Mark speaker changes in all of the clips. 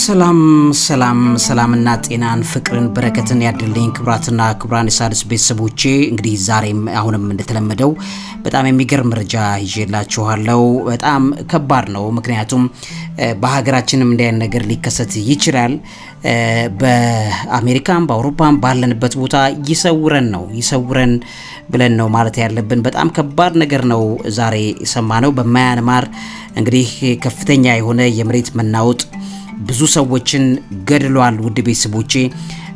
Speaker 1: ሰላም ሰላም ሰላምና ጤናን ፍቅርን በረከትን ያድልኝ ክብራትና ክብራን የሣድስ ቤተሰቦቼ እንግዲህ ዛሬም አሁንም እንደተለመደው በጣም የሚገርም መረጃ ይዤላችኋለሁ። በጣም ከባድ ነው፣ ምክንያቱም በሀገራችንም እንዲያን ነገር ሊከሰት ይችላል። በአሜሪካም በአውሮፓም ባለንበት ቦታ ይሰውረን ነው ይሰውረን ብለን ነው ማለት ያለብን። በጣም ከባድ ነገር ነው ዛሬ ነው በማያንማር እንግዲህ ከፍተኛ የሆነ የመሬት መናወጥ ብዙ ሰዎችን ገድሏል። ውድ ቤተሰቦቼ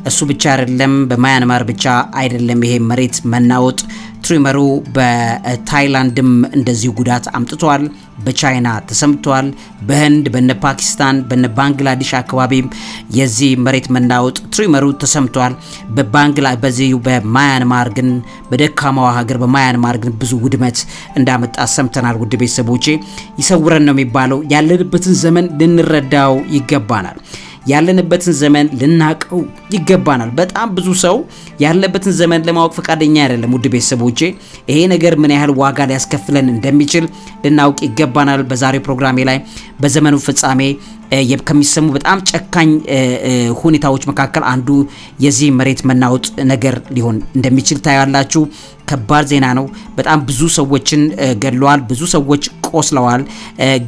Speaker 1: እሱ ብቻ አይደለም፣ በማያንማር ብቻ አይደለም ይሄ መሬት መናወጥ ትሪመሩ በታይላንድም እንደዚሁ ጉዳት አምጥቷል። በቻይና ተሰምቷል። በህንድ በነ ፓኪስታን በነ ባንግላዴሽ አካባቢም የዚህ መሬት መናወጥ ትሪመሩ ተሰምቷል። በባንግላ በማያንማር ግን በደካማዋ ሀገር በማያንማር ግን ብዙ ውድመት እንዳመጣ ሰምተናል። ውድ ቤተሰቦቼ ይሰውረን ነው የሚባለው። ያለንበትን ዘመን ልንረዳው ይገባናል። ያለንበትን ዘመን ልናቀው ይገባናል። በጣም ብዙ ሰው ያለበትን ዘመን ለማወቅ ፈቃደኛ አይደለም። ውድ ቤተሰቦቼ ይሄ ነገር ምን ያህል ዋጋ ሊያስከፍለን እንደሚችል ልናውቅ ይገባናል። በዛሬው ፕሮግራሜ ላይ በዘመኑ ፍጻሜ ከሚሰሙ በጣም ጨካኝ ሁኔታዎች መካከል አንዱ የዚህ መሬት መናወጥ ነገር ሊሆን እንደሚችል ታያላችሁ። ከባድ ዜና ነው። በጣም ብዙ ሰዎችን ገድለዋል። ብዙ ሰዎች ቆስለዋል።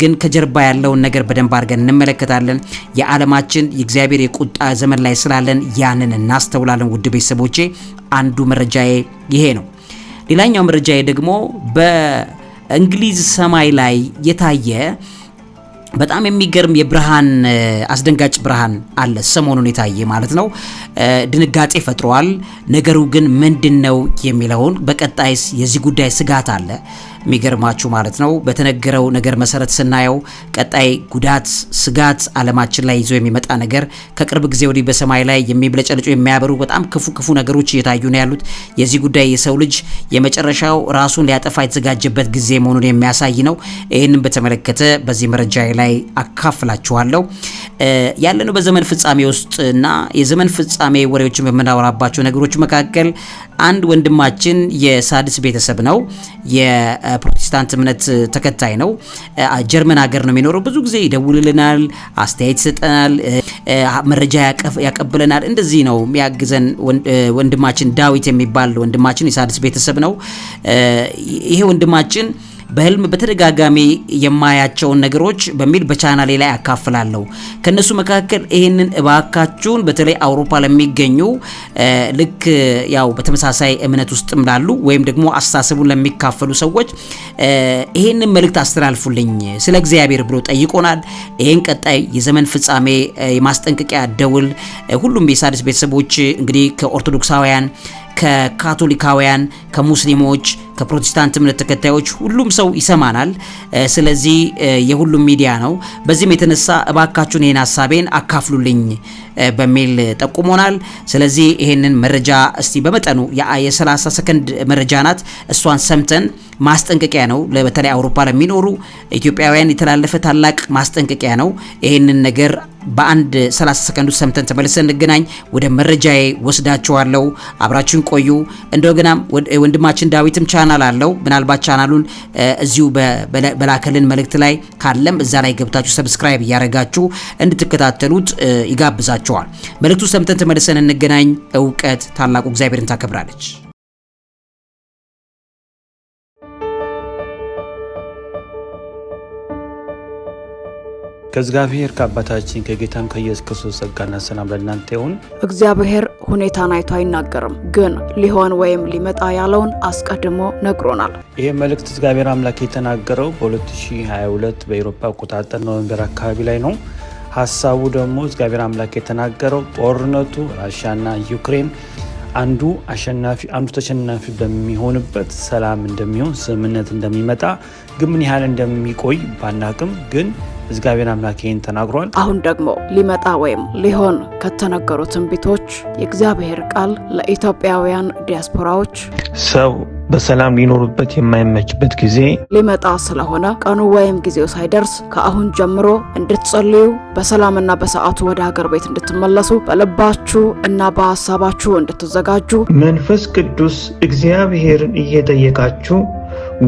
Speaker 1: ግን ከጀርባ ያለውን ነገር በደንብ አድርገን እንመለከታለን። የዓለማችን የእግዚአብሔር የቁጣ ዘመን ላይ ስላለን ያንን እናስተውላለን። ውድ ቤተሰቦቼ አንዱ መረጃዬ ይሄ ነው። ሌላኛው መረጃዬ ደግሞ በእንግሊዝ ሰማይ ላይ የታየ በጣም የሚገርም የብርሃን አስደንጋጭ ብርሃን አለ። ሰሞኑን የታየ ማለት ነው። ድንጋጤ ፈጥሯል። ነገሩ ግን ምንድን ነው የሚለውን በቀጣይስ የዚህ ጉዳይ ስጋት አለ። የሚገርማችሁ ማለት ነው። በተነገረው ነገር መሰረት ስናየው ቀጣይ ጉዳት፣ ስጋት አለማችን ላይ ይዞ የሚመጣ ነገር ከቅርብ ጊዜ ወዲህ በሰማይ ላይ የሚብለጨልጩ የሚያበሩ በጣም ክፉ ክፉ ነገሮች እየታዩ ነው ያሉት። የዚህ ጉዳይ የሰው ልጅ የመጨረሻው ራሱን ሊያጠፋ የተዘጋጀበት ጊዜ መሆኑን የሚያሳይ ነው። ይህንም በተመለከተ በዚህ መረጃ ላይ አካፍላችኋለሁ። ያለነው በዘመን ፍጻሜ ውስጥ እና የዘመን ፍጻሜ ወሬዎችን በምናወራባቸው ነገሮች መካከል አንድ ወንድማችን የሳድስ ቤተሰብ ነው ፕሮቴስታንት እምነት ተከታይ ነው። ጀርመን ሀገር ነው የሚኖረው። ብዙ ጊዜ ይደውልልናል፣ አስተያየት ይሰጠናል፣ መረጃ ያቀብለናል። እንደዚህ ነው የሚያግዘን ወንድማችን ዳዊት የሚባል ወንድማችን የሳድስ ቤተሰብ ነው ይሄ ወንድማችን በህልም በተደጋጋሚ የማያቸውን ነገሮች በሚል በቻናሌ ላይ አካፍላለሁ። ከነሱ መካከል ይህንን እባካችሁን በተለይ አውሮፓ ለሚገኙ ልክ ያው በተመሳሳይ እምነት ውስጥም ላሉ ወይም ደግሞ አስተሳሰቡን ለሚካፈሉ ሰዎች ይህንን መልእክት አስተላልፉልኝ ስለ እግዚአብሔር ብሎ ጠይቆናል። ይህን ቀጣይ የዘመን ፍጻሜ የማስጠንቀቂያ ደውል ሁሉም የሣድስ ቤተሰቦች እንግዲህ ከኦርቶዶክሳውያን ከካቶሊካውያን፣ ከሙስሊሞች፣ ከፕሮቴስታንት እምነት ተከታዮች ሁሉም ሰው ይሰማናል። ስለዚህ የሁሉም ሚዲያ ነው። በዚህም የተነሳ እባካችሁን ይህን ሀሳቤን አካፍሉልኝ በሚል ጠቁሞናል። ስለዚህ ይህንን መረጃ እስቲ በመጠኑ የ30 ሰከንድ መረጃ ናት። እሷን ሰምተን ማስጠንቀቂያ ነው፣ በተለይ አውሮፓ ለሚኖሩ ኢትዮጵያውያን የተላለፈ ታላቅ ማስጠንቀቂያ ነው። ይህንን ነገር በአንድ 30 ሰከንድ ውስጥ ሰምተን ተመልሰን እንገናኝ። ወደ መረጃዬ ወስዳችኋለሁ። አብራችን ቆዩ። እንደገና ወንድማችን ዳዊትም ቻናል አለው። ምናልባት ቻናሉን እዚሁ በላከልን መልእክት ላይ ካለም እዛ ላይ ገብታችሁ ሰብስክራይብ እያደረጋችሁ እንድትከታተሉት ይጋብዛችኋል። መልእክቱ ሰምተን ተመልሰን እንገናኝ። እውቀት ታላቁ እግዚአብሔርን ታከብራለች።
Speaker 2: ከእግዚአብሔር ከአባታችን ከጌታም ከኢየሱስ ክርስቶስ ጸጋና ሰላም ለእናንተ ይሁን።
Speaker 3: እግዚአብሔር ሁኔታን አይቶ አይናገርም፣ ግን ሊሆን ወይም ሊመጣ ያለውን አስቀድሞ ነግሮናል።
Speaker 2: ይህ መልእክት እግዚአብሔር አምላክ የተናገረው በ2022 በኤሮፓ አቆጣጠር ኖቨምበር አካባቢ ላይ ነው። ሀሳቡ ደግሞ እግዚአብሔር አምላክ የተናገረው ጦርነቱ ራሽያና ዩክሬን አንዱ አሸናፊ አንዱ ተሸናፊ በሚሆንበት ሰላም እንደሚሆን ስምምነት እንደሚመጣ ግን ምን ያህል እንደሚቆይ ባናቅም ግን እግዚአብሔር አምላክ ይህን ተናግሯል። አሁን
Speaker 3: ደግሞ ሊመጣ ወይም ሊሆን ከተነገሩ ትንቢቶች የእግዚአብሔር ቃል ለኢትዮጵያውያን ዲያስፖራዎች
Speaker 2: ሰው በሰላም ሊኖሩበት የማይመችበት ጊዜ
Speaker 3: ሊመጣ ስለሆነ ቀኑ ወይም ጊዜው ሳይደርስ ከአሁን ጀምሮ እንድትጸልዩ በሰላምና በሰዓቱ ወደ ሀገር ቤት እንድትመለሱ በልባችሁ እና በሀሳባችሁ እንድትዘጋጁ
Speaker 2: መንፈስ ቅዱስ እግዚአብሔርን እየጠየቃችሁ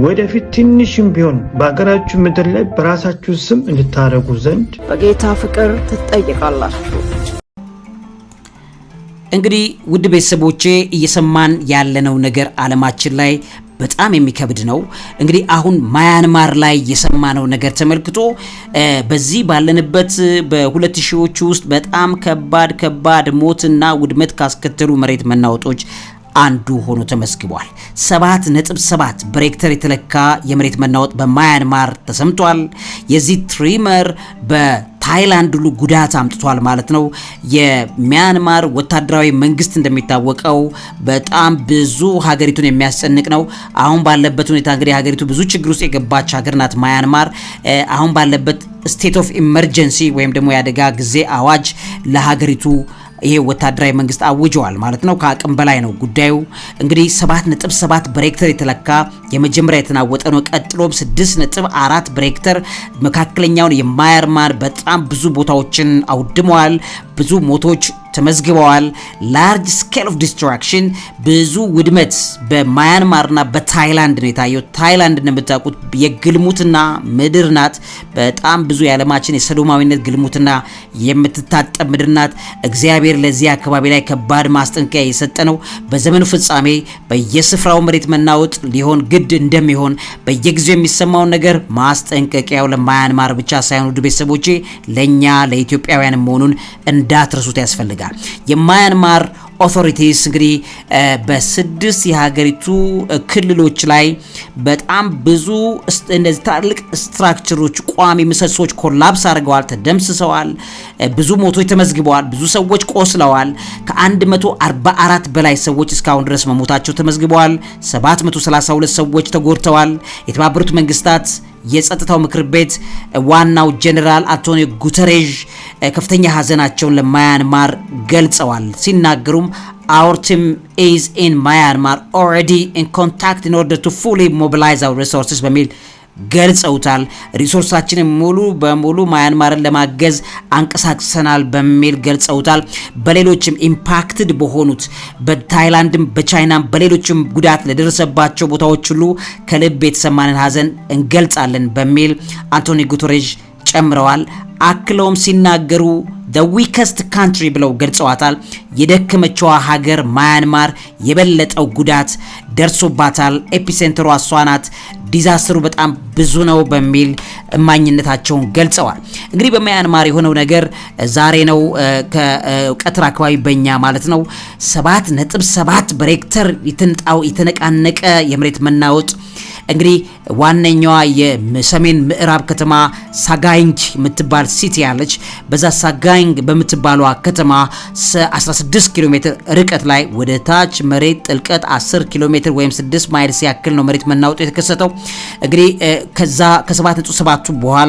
Speaker 2: ወደፊት ትንሽም ቢሆን በሀገራችሁ ምድር ላይ በራሳችሁ ስም እንድታደርጉ ዘንድ
Speaker 3: በጌታ ፍቅር ትጠይቃላችሁ።
Speaker 1: እንግዲህ ውድ ቤተሰቦቼ እየሰማን ያለነው ነገር አለማችን ላይ በጣም የሚከብድ ነው። እንግዲህ አሁን ማያንማር ላይ የሰማነው ነገር ተመልክቶ በዚህ ባለንበት በሁለት ሺዎቹ ውስጥ በጣም ከባድ ከባድ ሞትና ውድመት ካስከተሉ መሬት መናወጦች አንዱ ሆኖ ተመስግቧል። 7.7 በሬክተር የተለካ የመሬት መናወጥ በማያንማር ተሰምቷል። የዚህ ትሪመር በታይላንድ ሁሉ ጉዳት አምጥቷል ማለት ነው። የሚያንማር ወታደራዊ መንግስት እንደሚታወቀው በጣም ብዙ ሀገሪቱን የሚያስጨንቅ ነው። አሁን ባለበት ሁኔታ እንግዲህ ሀገሪቱ ብዙ ችግር ውስጥ የገባች ሀገር ናት ማያንማር አሁን ባለበት ስቴት ኦፍ ኢመርጀንሲ ወይም ደግሞ የአደጋ ጊዜ አዋጅ ለሀገሪቱ ይሄ ወታደራዊ መንግስት አውጀዋል ማለት ነው። ከአቅም በላይ ነው ጉዳዩ። እንግዲህ 7.7 ብሬክተር የተለካ የመጀመሪያ የተናወጠ ነው። ቀጥሎም 6 4 ብሬክተር መካከለኛውን የማያርማን በጣም ብዙ ቦታዎችን አውድመዋል። ብዙ ሞቶች ተመዝግበዋል። ላርጅ ስኬል ኦፍ ዲስትራክሽን ብዙ ውድመት በማያንማርና በታይላንድ ነው የታየው። ታይላንድ እንደምታውቁት የግልሙትና ምድር ናት። በጣም ብዙ የዓለማችን የሰዶማዊነት ግልሙትና የምትታጠብ ምድር ናት። እግዚአብሔር ለዚህ አካባቢ ላይ ከባድ ማስጠንቀቂያ የሰጠ ነው። በዘመኑ ፍጻሜ በየስፍራው መሬት መናወጥ ሊሆን ግድ እንደሚሆን በየጊዜው የሚሰማውን ነገር ማስጠንቀቂያው ለማያንማር ብቻ ሳይሆን ውድ ቤተሰቦቼ ለእኛ ለኢትዮጵያውያን መሆኑን እንደ እንዳትረሱት ያስፈልጋል። የማያንማር ኦቶሪቲስ እንግዲህ በስድስት የሀገሪቱ ክልሎች ላይ በጣም ብዙ እነዚህ ትላልቅ ስትራክቸሮች፣ ቋሚ ምሰሶች ኮላፕስ አድርገዋል፣ ተደምስሰዋል። ብዙ ሞቶች ተመዝግበዋል፣ ብዙ ሰዎች ቆስለዋል። ከ144 በላይ ሰዎች እስካሁን ድረስ መሞታቸው ተመዝግበዋል። 732 ሰዎች ተጎድተዋል። የተባበሩት መንግስታት የጸጥታው ምክር ቤት ዋናው ጄኔራል አንቶኒዮ ጉተሬዥ ከፍተኛ ሐዘናቸውን ለማያንማር ገልጸዋል። ሲናገሩም our team is in Myanmar already in contact in order to fully mobilize our resources በሚል ገልጸውታል። ሪሶርሳችንን ሙሉ በሙሉ ማያንማርን ለማገዝ አንቀሳቅሰናል በሚል ገልጸውታል። በሌሎችም ኢምፓክትድ በሆኑት በታይላንድም፣ በቻይናም በሌሎችም ጉዳት ለደረሰባቸው ቦታዎች ሁሉ ከልብ የተሰማንን ሀዘን እንገልጻለን በሚል አንቶኒ ጉተሬዥ ጨምረዋል። አክለውም ሲናገሩ ዘ ዊከስት ካንትሪ ብለው ገልጸዋታል። የደከመችዋ ሀገር ማያንማር የበለጠው ጉዳት ደርሶባታል። ኤፒሴንተሯ እሷ ናት። ዲዛስትሩ በጣም ብዙ ነው በሚል እማኝነታቸውን ገልጸዋል። እንግዲህ በማያንማር የሆነው ነገር ዛሬ ነው ከቀትር አካባቢ በኛ ማለት ነው ሰባት ነጥብ ሰባት በሬክተር የተነቃነቀ የመሬት መናወጥ እንግዲህ ዋነኛዋ የሰሜን ምዕራብ ከተማ ሳጋይንግ የምትባል ሲቲ ያለች በዛ ሳጋይንግ በምትባሏ ከተማ 16 ኪሎ ሜትር ርቀት ላይ ወደ ታች መሬት ጥልቀት 10 ኪሎ ሜትር ወይም 6 ማይልስ ያክል ነው መሬት መናወጡ የተከሰተው። እንግዲህ ከዛ ከ7.7ቱ በኋላ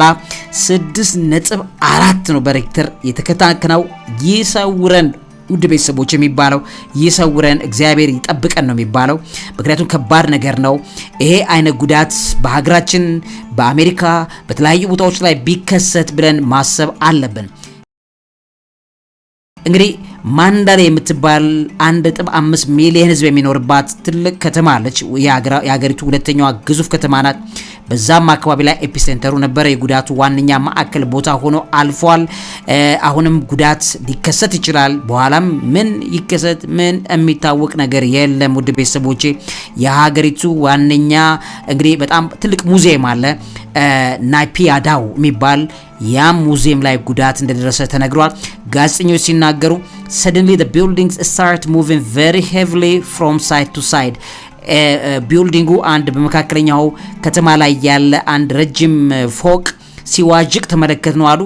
Speaker 1: አራት ነው በሬክተር የተከታከነው። ይሰውረን ውድ ቤተሰቦች የሚባለው ይሰውረን፣ እግዚአብሔር ይጠብቀን ነው የሚባለው። ምክንያቱም ከባድ ነገር ነው ይሄ አይነት ጉዳት በሀገራችን፣ በአሜሪካ፣ በተለያዩ ቦታዎች ላይ ቢከሰት ብለን ማሰብ አለብን። እንግዲህ ማንዳሌ የምትባል 15 ሚሊዮን ሚሊየን ህዝብ የሚኖርባት ትልቅ ከተማ አለች። የሀገሪቱ ሁለተኛዋ ግዙፍ ከተማ ናት። በዛም አካባቢ ላይ ኤፒሴንተሩ ነበረ። የጉዳቱ ዋነኛ ማዕከል ቦታ ሆኖ አልፏል። አሁንም ጉዳት ሊከሰት ይችላል። በኋላም ምን ይከሰት ምን የሚታወቅ ነገር የለም። ውድ ቤተሰቦቼ የሀገሪቱ ዋነኛ እንግዲህ በጣም ትልቅ ሙዚየም አለ ናይፒያዳው የሚባል ያም ሙዚየም ላይ ጉዳት እንደደረሰ ተነግሯል። ጋዜጠኞች ሲናገሩ ሰደንሊ ዘ ቢልዲንግስ ስታርት ሙቪንግ ቨሪ ሄቪሊ ፍሮም ሳይድ ቱ ሳይድ ቢልዲንጉ አንድ በመካከለኛው ከተማ ላይ ያለ አንድ ረጅም ፎቅ ሲዋዥቅ ተመለከት ነው አሉ።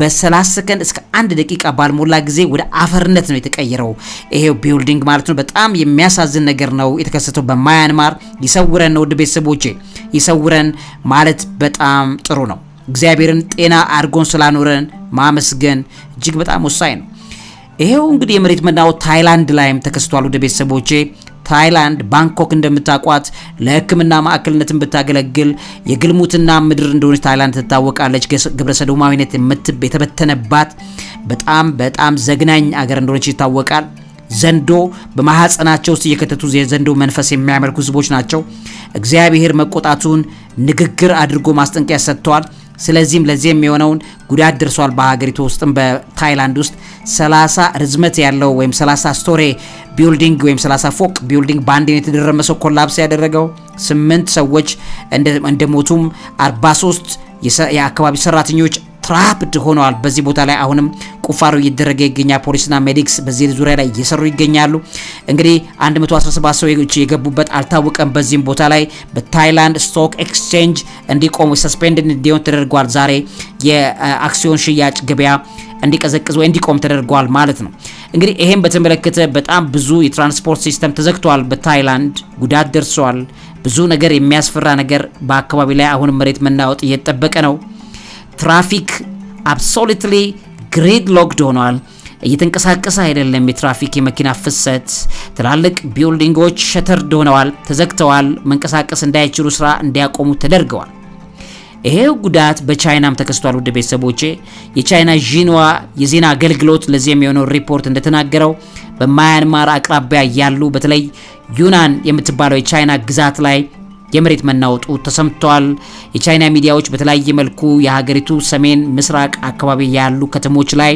Speaker 1: በ30 ሰከንድ እስከ አንድ ደቂቃ ባልሞላ ጊዜ ወደ አፈርነት ነው የተቀየረው። ይሄው ቢልዲንግ ማለት ነው። በጣም የሚያሳዝን ነገር ነው የተከሰተው በማያንማር። ይሰውረን ነው ውድ ቤተሰቦቼ፣ ይሰውረን ማለት በጣም ጥሩ ነው። እግዚአብሔርን ጤና አድርጎን ስላኖረን ማመስገን እጅግ በጣም ወሳኝ ነው። ይሄው እንግዲህ የመሬት መናወጥ ታይላንድ ላይም ተከስቷል። ወደ ቤተሰቦቼ ታይላንድ ባንኮክ እንደምታውቋት ለሕክምና ማዕከልነት ብታገለግል የግልሙትና ምድር እንደሆነች ታይላንድ ትታወቃለች። ግብረሰዶማዊነት የተበተነባት በጣም በጣም ዘግናኝ አገር እንደሆነች ይታወቃል። ዘንዶ በማህፀናቸው ውስጥ እየከተቱ የዘንዶ መንፈስ የሚያመልኩ ህዝቦች ናቸው። እግዚአብሔር መቆጣቱን ንግግር አድርጎ ማስጠንቀቂያ ሰጥተዋል። ስለዚህም ለዚህ የሚሆነውን ጉዳት ደርሷል። በሀገሪቱ ውስጥም በታይላንድ ውስጥ 30 ርዝመት ያለው ወይም 30 ስቶሪ ቢልዲንግ ወይም 30 ፎቅ ቢልዲንግ በአንድ ነው የተደረመሰው ኮላፕስ ያደረገው። ስምንት ሰዎች እንደሞቱም 43 የአካባቢ ሰራተኞች ትራፕድ ሆነዋል። በዚህ ቦታ ላይ አሁንም ቁፋሮ እየደረገ ይገኛል። ፖሊስና ሜዲክስ በዚህ ዙሪያ ላይ እየሰሩ ይገኛሉ። እንግዲህ 117 ሰዎች የገቡበት አልታወቀም። በዚህም ቦታ ላይ በታይላንድ ስቶክ ኤክስቼንጅ እንዲቆሙ ሰስፔንድ እንዲሆን ተደርጓል። ዛሬ የአክሲዮን ሽያጭ ገበያ እንዲቀዘቅዝ ወይ እንዲቆም ተደርጓል ማለት ነው። እንግዲህ ይሄን በተመለከተ በጣም ብዙ የትራንስፖርት ሲስተም ተዘግቷል። በታይላንድ ጉዳት ደርሷል። ብዙ ነገር የሚያስፈራ ነገር በአካባቢ ላይ አሁንም መሬት መናወጥ እየተጠበቀ ነው። ትራፊክ አብሶሉትሊ ግሪድ ሎክድ ሆኗል። እየተንቀሳቀሰ አይደለም። የትራፊክ የመኪና ፍሰት፣ ትላልቅ ቢልዲንጎች ሸተርድ ሆነዋል፣ ተዘግተዋል። መንቀሳቀስ እንዳይችሉ ስራ እንዲያቆሙ ተደርገዋል። ይሄው ጉዳት በቻይናም ተከስቷል። ውድ ቤተሰቦቼ የቻይና ዢንዋ የዜና አገልግሎት ለዚህ የሚሆነው ሪፖርት እንደተናገረው በማያንማር አቅራቢያ ያሉ በተለይ ዩናን የምትባለው የቻይና ግዛት ላይ የመሬት መናወጡ ተሰምቷል። የቻይና ሚዲያዎች በተለያየ መልኩ የሀገሪቱ ሰሜን ምስራቅ አካባቢ ያሉ ከተሞች ላይ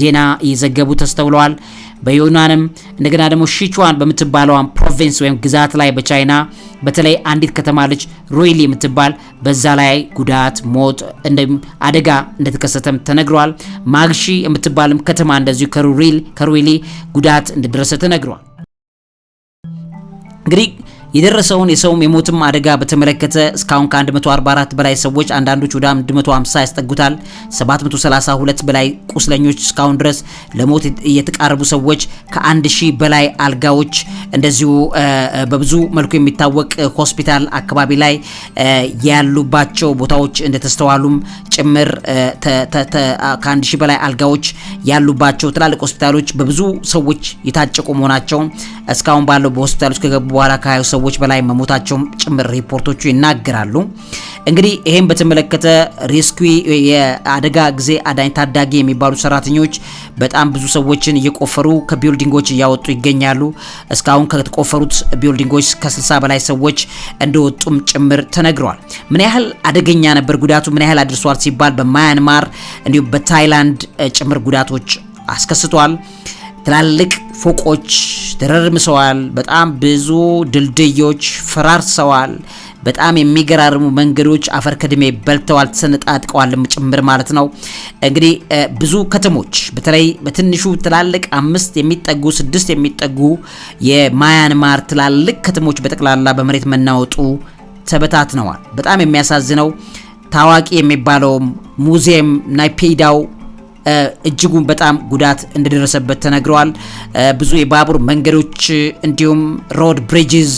Speaker 1: ዜና እየዘገቡ ተስተውለዋል። በዩናንም እንደገና ደግሞ ሺቹዋን በምትባለዋን ፕሮቪንስ ወይም ግዛት ላይ በቻይና በተለይ አንዲት ከተማ ልጅ ሮይሊ የምትባል በዛ ላይ ጉዳት፣ ሞት እንደም አደጋ እንደተከሰተም ተነግሯል። ማግሺ የምትባልም ከተማ እንደዚሁ ከሩሪል ከሩይሊ ጉዳት እንደደረሰ ተነግሯል። እንግዲህ የደረሰውን የሰውም የሞትም አደጋ በተመለከተ እስካሁን ከ144 በላይ ሰዎች አንዳንዶች ወደ 150 ያስጠጉታል። 732 በላይ ቁስለኞች እስካሁን ድረስ ለሞት የተቃረቡ ሰዎች ከ1000 በላይ አልጋዎች እንደዚሁ በብዙ መልኩ የሚታወቅ ሆስፒታል አካባቢ ላይ ያሉባቸው ቦታዎች እንደተስተዋሉም ጭምር ከ1000 በላይ አልጋዎች ያሉባቸው ትላልቅ ሆስፒታሎች በብዙ ሰዎች የታጨቁ መሆናቸውን እስካሁን ባለው በሆስፒታሎች ከገቡ በኋላ ከ20 ሰዎች በላይ መሞታቸውም ጭምር ሪፖርቶቹ ይናገራሉ። እንግዲህ ይህም በተመለከተ ሬስኪው የአደጋ ጊዜ አዳኝ ታዳጊ የሚባሉ ሰራተኞች በጣም ብዙ ሰዎችን እየቆፈሩ ከቢልዲንጎች እያወጡ ይገኛሉ። እስካሁን ከተቆፈሩት ቢልዲንጎች ከ60 በላይ ሰዎች እንደወጡም ጭምር ተነግረዋል። ምን ያህል አደገኛ ነበር ጉዳቱ ምን ያህል አድርሷል ሲባል በማያንማር እንዲሁም በታይላንድ ጭምር ጉዳቶች አስከስቷል። ትላልቅ ፎቆች ተረርምሰዋል። በጣም ብዙ ድልድዮች ፈራርሰዋል። በጣም የሚገራርሙ መንገዶች አፈር ከድሜ በልተዋል፣ ተሰነጣጥቀዋልም ጭምር ማለት ነው። እንግዲህ ብዙ ከተሞች በተለይ በትንሹ ትላልቅ አምስት የሚጠጉ ስድስት የሚጠጉ የማያንማር ትላልቅ ከተሞች በጠቅላላ በመሬት መናወጡ ተበታትነዋል። በጣም የሚያሳዝነው ታዋቂ የሚባለው ሙዚየም ናይፔዳው እጅጉን በጣም ጉዳት እንደደረሰበት ተነግረዋል። ብዙ የባቡር መንገዶች እንዲሁም ሮድ ብሪጅዝ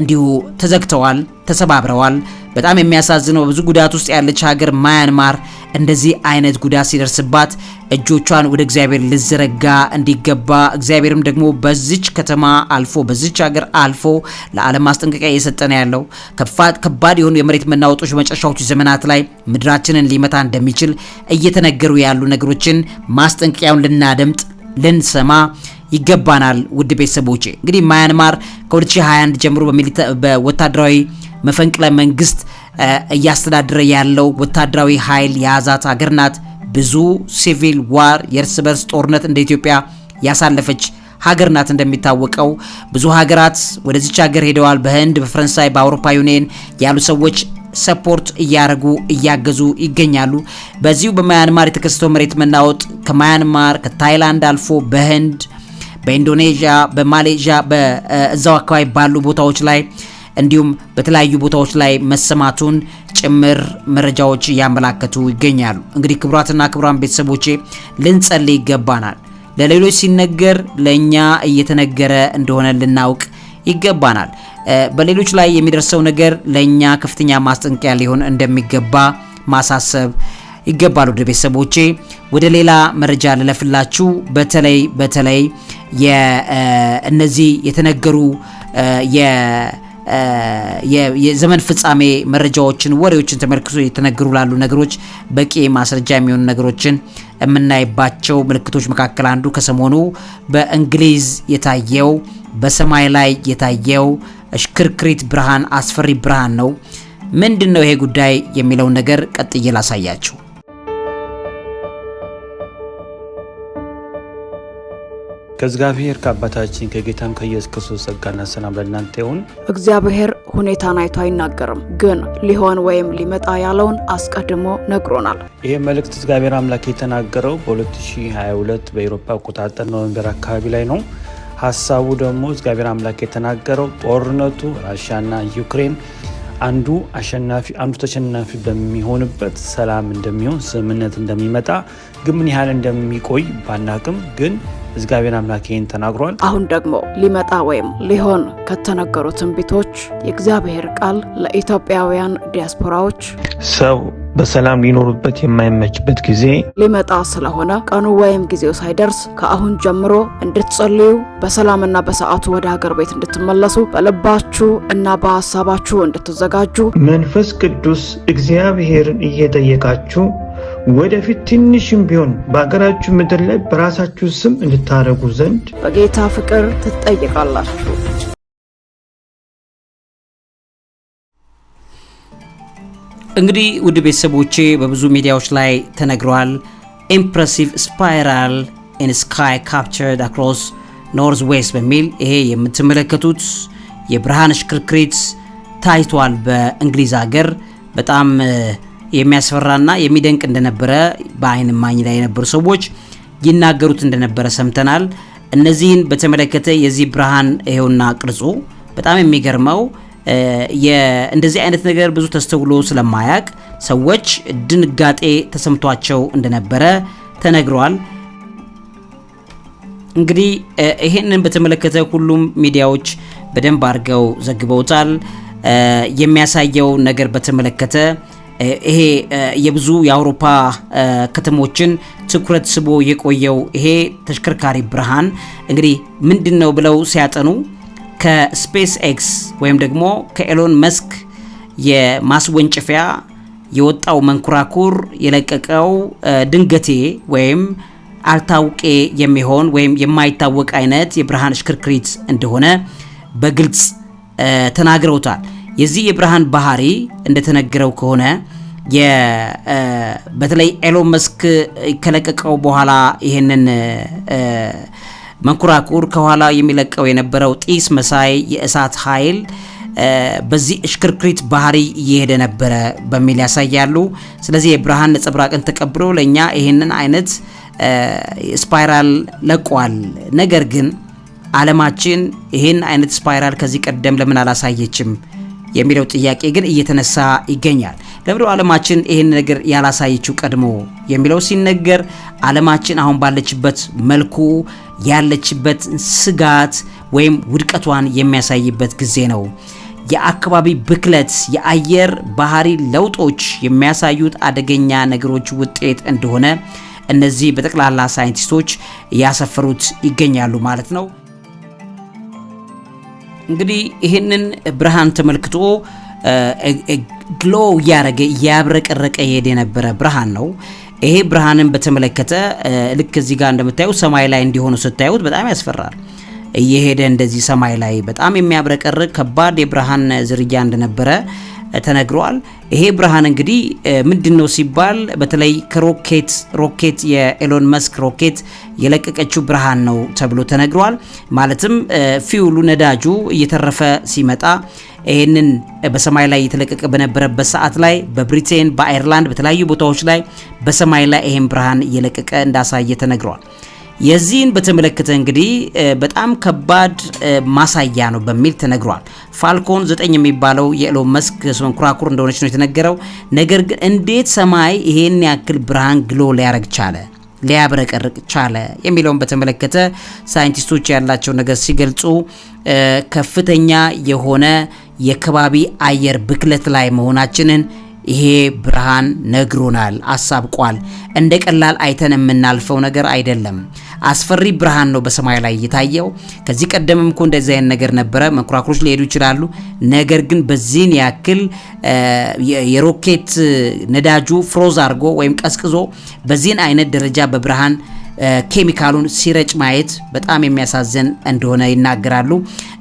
Speaker 1: እንዲሁ ተዘግተዋል፣ ተሰባብረዋል። በጣም የሚያሳዝነው በብዙ ጉዳት ውስጥ ያለች ሀገር ማያንማር እንደዚህ አይነት ጉዳት ሲደርስባት እጆቿን ወደ እግዚአብሔር ልዘረጋ እንዲገባ እግዚአብሔርም ደግሞ በዚች ከተማ አልፎ በዚች ሀገር አልፎ ለዓለም ማስጠንቀቂያ እየሰጠነ ያለው ከባድ የሆኑ የመሬት መናወጦች መጨረሻዎቹ ዘመናት ላይ ምድራችንን ሊመታ እንደሚችል እየተነገሩ ያሉ ነገሮችን ማስጠንቀቂያውን ልናደምጥ ልንሰማ ይገባናል። ውድ ቤተሰቦቼ እንግዲህ ማያንማር ከ2021 ጀምሮ በወታደራዊ መፈንቅለ መንግስት እያስተዳደረ ያለው ወታደራዊ ኃይል የያዛት ሀገር ናት። ብዙ ሲቪል ዋር የእርስ በርስ ጦርነት እንደ ኢትዮጵያ ያሳለፈች ሀገር ናት። እንደሚታወቀው ብዙ ሀገራት ወደዚች ሀገር ሄደዋል። በህንድ፣ በፈረንሳይ፣ በአውሮፓ ዩኒየን ያሉ ሰዎች ሰፖርት እያደረጉ እያገዙ ይገኛሉ። በዚሁ በማያንማር የተከሰተው መሬት መናወጥ ከማያንማር ከታይላንድ አልፎ በህንድ በኢንዶኔዥያ፣ በማሌዥያ፣ በዛው አካባቢ ባሉ ቦታዎች ላይ እንዲሁም በተለያዩ ቦታዎች ላይ መሰማቱን ጭምር መረጃዎች እያመላከቱ ይገኛሉ። እንግዲህ ክቡራትና ክቡራን ቤተሰቦቼ ልንጸልይ ይገባናል። ለሌሎች ሲነገር ለእኛ እየተነገረ እንደሆነ ልናውቅ ይገባናል። በሌሎች ላይ የሚደርሰው ነገር ለእኛ ከፍተኛ ማስጠንቀቂያ ሊሆን እንደሚገባ ማሳሰብ ይገባሉ ወደ ቤተሰቦቼ ወደ ሌላ መረጃ ልለፍላችሁ። በተለይ በተለይ እነዚህ የተነገሩ የዘመን ፍጻሜ መረጃዎችን ወሬዎችን ተመልክቶ የተነገሩ ላሉ ነገሮች በቂ ማስረጃ የሚሆኑ ነገሮችን የምናይባቸው ምልክቶች መካከል አንዱ ከሰሞኑ በእንግሊዝ የታየው በሰማይ ላይ የታየው ሽክርክሪት ብርሃን አስፈሪ ብርሃን ነው። ምንድን ነው ይሄ ጉዳይ የሚለውን ነገር ቀጥዬ ላሳያችሁ።
Speaker 2: ከእግዚአብሔር ከአባታችን ከጌታም ከኢየሱስ ክርስቶስ ጸጋና ሰላም ለእናንተ ይሁን።
Speaker 3: እግዚአብሔር ሁኔታን አይቶ አይናገርም፣ ግን ሊሆን ወይም ሊመጣ ያለውን አስቀድሞ ነግሮናል።
Speaker 2: ይህ መልእክት እግዚአብሔር አምላክ የተናገረው በ2022 በኤሮፓ አቆጣጠር ኖቨምበር አካባቢ ላይ ነው። ሀሳቡ ደግሞ እግዚአብሔር አምላክ የተናገረው ጦርነቱ ራሽያና ዩክሬን አንዱ አሸናፊ አንዱ ተሸናፊ በሚሆንበት ሰላም እንደሚሆን ስምምነት እንደሚመጣ ግን ምን ያህል እንደሚቆይ ባናቅም ግን እግዚአብሔር አምላክ ይህን ተናግሯል። አሁን ደግሞ
Speaker 3: ሊመጣ ወይም ሊሆን ከተነገሩ ትንቢቶች የእግዚአብሔር ቃል ለኢትዮጵያውያን ዲያስፖራዎች
Speaker 2: ሰው በሰላም ሊኖሩበት የማይመችበት ጊዜ
Speaker 3: ሊመጣ ስለሆነ ቀኑ ወይም ጊዜው ሳይደርስ ከአሁን ጀምሮ እንድትጸልዩ በሰላምና በሰዓቱ ወደ ሀገር ቤት እንድትመለሱ በልባችሁ እና በሀሳባችሁ እንድትዘጋጁ
Speaker 2: መንፈስ ቅዱስ እግዚአብሔርን እየጠየቃችሁ ወደፊት ትንሽም ቢሆን በሀገራችሁ ምድር ላይ በራሳችሁ ስም እንድታደርጉ ዘንድ
Speaker 3: በጌታ ፍቅር ትጠይቃላችሁ።
Speaker 1: እንግዲህ ውድ ቤተሰቦቼ በብዙ ሚዲያዎች ላይ ተነግረዋል ኢምፕሬሲቭ ስፓይራል ኢን ስካይ ካፕቸርድ አክሮስ ኖርዝ ዌስት በሚል ይሄ የምትመለከቱት የብርሃን ሽክርክሪት ታይቷል። በእንግሊዝ ሀገር በጣም የሚያስፈራና የሚደንቅ እንደነበረ በአይን ማኝ ላይ የነበሩ ሰዎች ይናገሩት እንደነበረ ሰምተናል። እነዚህን በተመለከተ የዚህ ብርሃን ይሄውና ቅርጹ በጣም የሚገርመው እንደዚህ አይነት ነገር ብዙ ተስተውሎ ስለማያቅ ሰዎች ድንጋጤ ተሰምቷቸው እንደነበረ ተነግረዋል። እንግዲህ ይህንን በተመለከተ ሁሉም ሚዲያዎች በደንብ አድርገው ዘግበውታል። የሚያሳየው ነገር በተመለከተ ይሄ የብዙ የአውሮፓ ከተሞችን ትኩረት ስቦ የቆየው ይሄ ተሽከርካሪ ብርሃን እንግዲህ ምንድን ነው ብለው ሲያጠኑ ከስፔስ ኤክስ ወይም ደግሞ ከኤሎን መስክ የማስወንጨፊያ የወጣው መንኮራኩር የለቀቀው ድንገቴ ወይም አልታውቄ የሚሆን ወይም የማይታወቅ አይነት የብርሃን ሽክርክሪት እንደሆነ በግልጽ ተናግረውታል። የዚህ የብርሃን ባህሪ እንደተነገረው ከሆነ በተለይ ኤሎን መስክ ከለቀቀው በኋላ ይህንን መንኮራኩር ከኋላ የሚለቀው የነበረው ጢስ መሳይ የእሳት ኃይል በዚህ እሽክርክሪት ባህሪ እየሄደ ነበረ በሚል ያሳያሉ። ስለዚህ የብርሃን ነጸብራቅን ተቀብሎ ለእኛ ይህንን አይነት ስፓይራል ለቋል። ነገር ግን ዓለማችን ይህን አይነት ስፓይራል ከዚህ ቀደም ለምን አላሳየችም? የሚለው ጥያቄ ግን እየተነሳ ይገኛል። ለምዶ ዓለማችን ይህን ነገር ያላሳየችው ቀድሞ የሚለው ሲነገር ዓለማችን አሁን ባለችበት መልኩ ያለችበት ስጋት ወይም ውድቀቷን የሚያሳይበት ጊዜ ነው። የአካባቢ ብክለት፣ የአየር ባህሪ ለውጦች የሚያሳዩት አደገኛ ነገሮች ውጤት እንደሆነ እነዚህ በጠቅላላ ሳይንቲስቶች ያሰፈሩት ይገኛሉ ማለት ነው። እንግዲህ ይህንን ብርሃን ተመልክቶ ግሎ እያረገ እያብረቀረቀ ሄደ የነበረ ብርሃን ነው። ይሄ ብርሃንን በተመለከተ ልክ እዚህ ጋር እንደምታዩት ሰማይ ላይ እንዲሆኑ ስታዩት በጣም ያስፈራል። እየሄደ እንደዚህ ሰማይ ላይ በጣም የሚያብረቀርቅ ከባድ የብርሃን ዝርያ እንደነበረ ተነግሯል። ይሄ ብርሃን እንግዲህ ምንድን ነው ሲባል በተለይ ከሮኬት ሮኬት የኤሎን መስክ ሮኬት የለቀቀችው ብርሃን ነው ተብሎ ተነግሯል። ማለትም ፊውሉ ነዳጁ እየተረፈ ሲመጣ ይህንን በሰማይ ላይ እየተለቀቀ በነበረበት ሰዓት ላይ በብሪቴን፣ በአይርላንድ፣ በተለያዩ ቦታዎች ላይ በሰማይ ላይ ይህን ብርሃን እየለቀቀ እንዳሳየ ተነግሯል። የዚህን በተመለከተ እንግዲህ በጣም ከባድ ማሳያ ነው በሚል ተነግሯል። ፋልኮን 9 የሚባለው የኤሎን መስክ መንኮራኩር እንደሆነች ነው የተነገረው። ነገር ግን እንዴት ሰማይ ይሄን ያክል ብርሃን ግሎ ሊያረግ ቻለ፣ ሊያብረቀርቅ ቻለ የሚለውን በተመለከተ ሳይንቲስቶች ያላቸው ነገር ሲገልጹ ከፍተኛ የሆነ የከባቢ አየር ብክለት ላይ መሆናችንን ይሄ ብርሃን ነግሮናል፣ አሳብቋል። እንደ ቀላል አይተን የምናልፈው ነገር አይደለም። አስፈሪ ብርሃን ነው በሰማይ ላይ የታየው። ከዚህ ቀደምም እኮ እንደዚህ አይነት ነገር ነበረ። መንኮራኩሮች ሊሄዱ ይችላሉ። ነገር ግን በዚህን ያክል የሮኬት ነዳጁ ፍሮዝ አድርጎ ወይም ቀዝቅዞ በዚህን አይነት ደረጃ በብርሃን ኬሚካሉን ሲረጭ ማየት በጣም የሚያሳዝን እንደሆነ ይናገራሉ።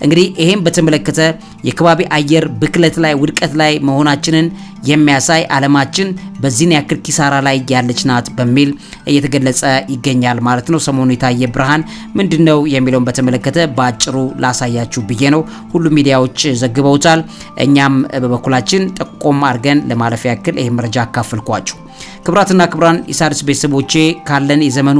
Speaker 1: እንግዲህ ይህም በተመለከተ የከባቢ አየር ብክለት ላይ ውድቀት ላይ መሆናችንን የሚያሳይ ዓለማችን በዚህን ያክል ኪሳራ ላይ ያለች ናት በሚል እየተገለጸ ይገኛል ማለት ነው። ሰሞኑ የታየ ብርሃን ምንድን ነው የሚለውን በተመለከተ በአጭሩ ላሳያችሁ ብዬ ነው። ሁሉም ሚዲያዎች ዘግበውታል። እኛም በበኩላችን ጠቆም አድርገን ለማለፍ ያክል ይህ መረጃ አካፍልኳችሁ። ክብራትና ክብራን የሣድስ ቤተሰቦቼ ካለን የዘመኑ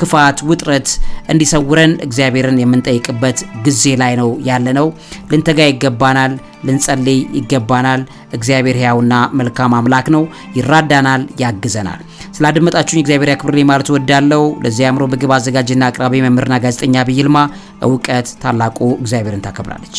Speaker 1: ክፋት፣ ውጥረት እንዲሰውረን እግዚአብሔርን የምንጠይቅበት ጊዜ ላይ ነው ያለነው። ልንተጋ ይገባናል። ልንጸልይ ይገባናል። እግዚአብሔር ሕያውና መልካም አምላክ ነው፣ ይራዳናል፣ ያግዘናል። ስላደመጣችሁኝ እግዚአብሔር ያክብርልኝ ማለት እወዳለሁ። ለዚህ አእምሮ ምግብ አዘጋጅና አቅራቢ መምህርና ጋዜጠኛ ዐቢይ ይልማ። እውቀት ታላቁ እግዚአብሔርን ታከብራለች።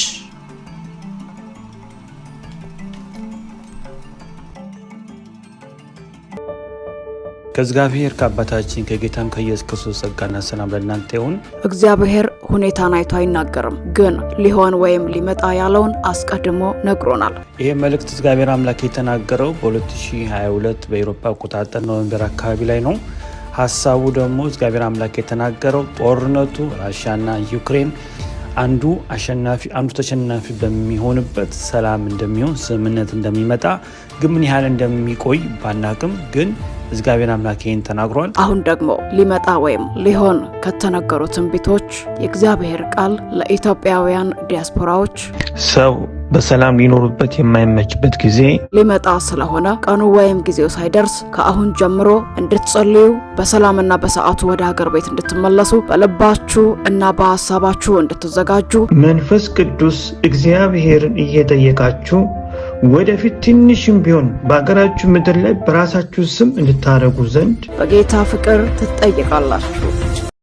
Speaker 2: ከእግዚአብሔር ከአባታችን ከጌታም ከኢየሱስ ክርስቶስ ጸጋና ሰላም ለእናንተ ይሁን።
Speaker 3: እግዚአብሔር ሁኔታን አይቶ አይናገርም፣ ግን ሊሆን ወይም ሊመጣ ያለውን አስቀድሞ ነግሮናል።
Speaker 2: ይህ መልእክት እግዚአብሔር አምላክ የተናገረው በ2022 በኤሮፓ አቆጣጠር ኖቨምበር አካባቢ ላይ ነው። ሀሳቡ ደግሞ እግዚአብሔር አምላክ የተናገረው ጦርነቱ ራሽያና ዩክሬን አንዱ አሸናፊ አንዱ ተሸናፊ በሚሆንበት ሰላም እንደሚሆን ስምምነት እንደሚመጣ ግን ምን ያህል እንደሚቆይ ባናቅም ግን እግዚአብሔር አምላክ ይህን ተናግሯል። አሁን ደግሞ
Speaker 3: ሊመጣ ወይም ሊሆን ከተነገሩ ትንቢቶች የእግዚአብሔር ቃል ለኢትዮጵያውያን ዲያስፖራዎች
Speaker 2: ሰው በሰላም ሊኖሩበት የማይመችበት ጊዜ
Speaker 3: ሊመጣ ስለሆነ ቀኑ ወይም ጊዜው ሳይደርስ ከአሁን ጀምሮ እንድትጸልዩ በሰላምና በሰዓቱ ወደ ሀገር ቤት እንድትመለሱ በልባችሁ እና በሀሳባችሁ እንድትዘጋጁ
Speaker 2: መንፈስ ቅዱስ እግዚአብሔርን እየጠየቃችሁ ወደፊት ትንሽም ቢሆን በሀገራችሁ ምድር ላይ በራሳችሁ ስም እንድታደርጉ ዘንድ
Speaker 3: በጌታ ፍቅር
Speaker 2: ትጠይቃላችሁ።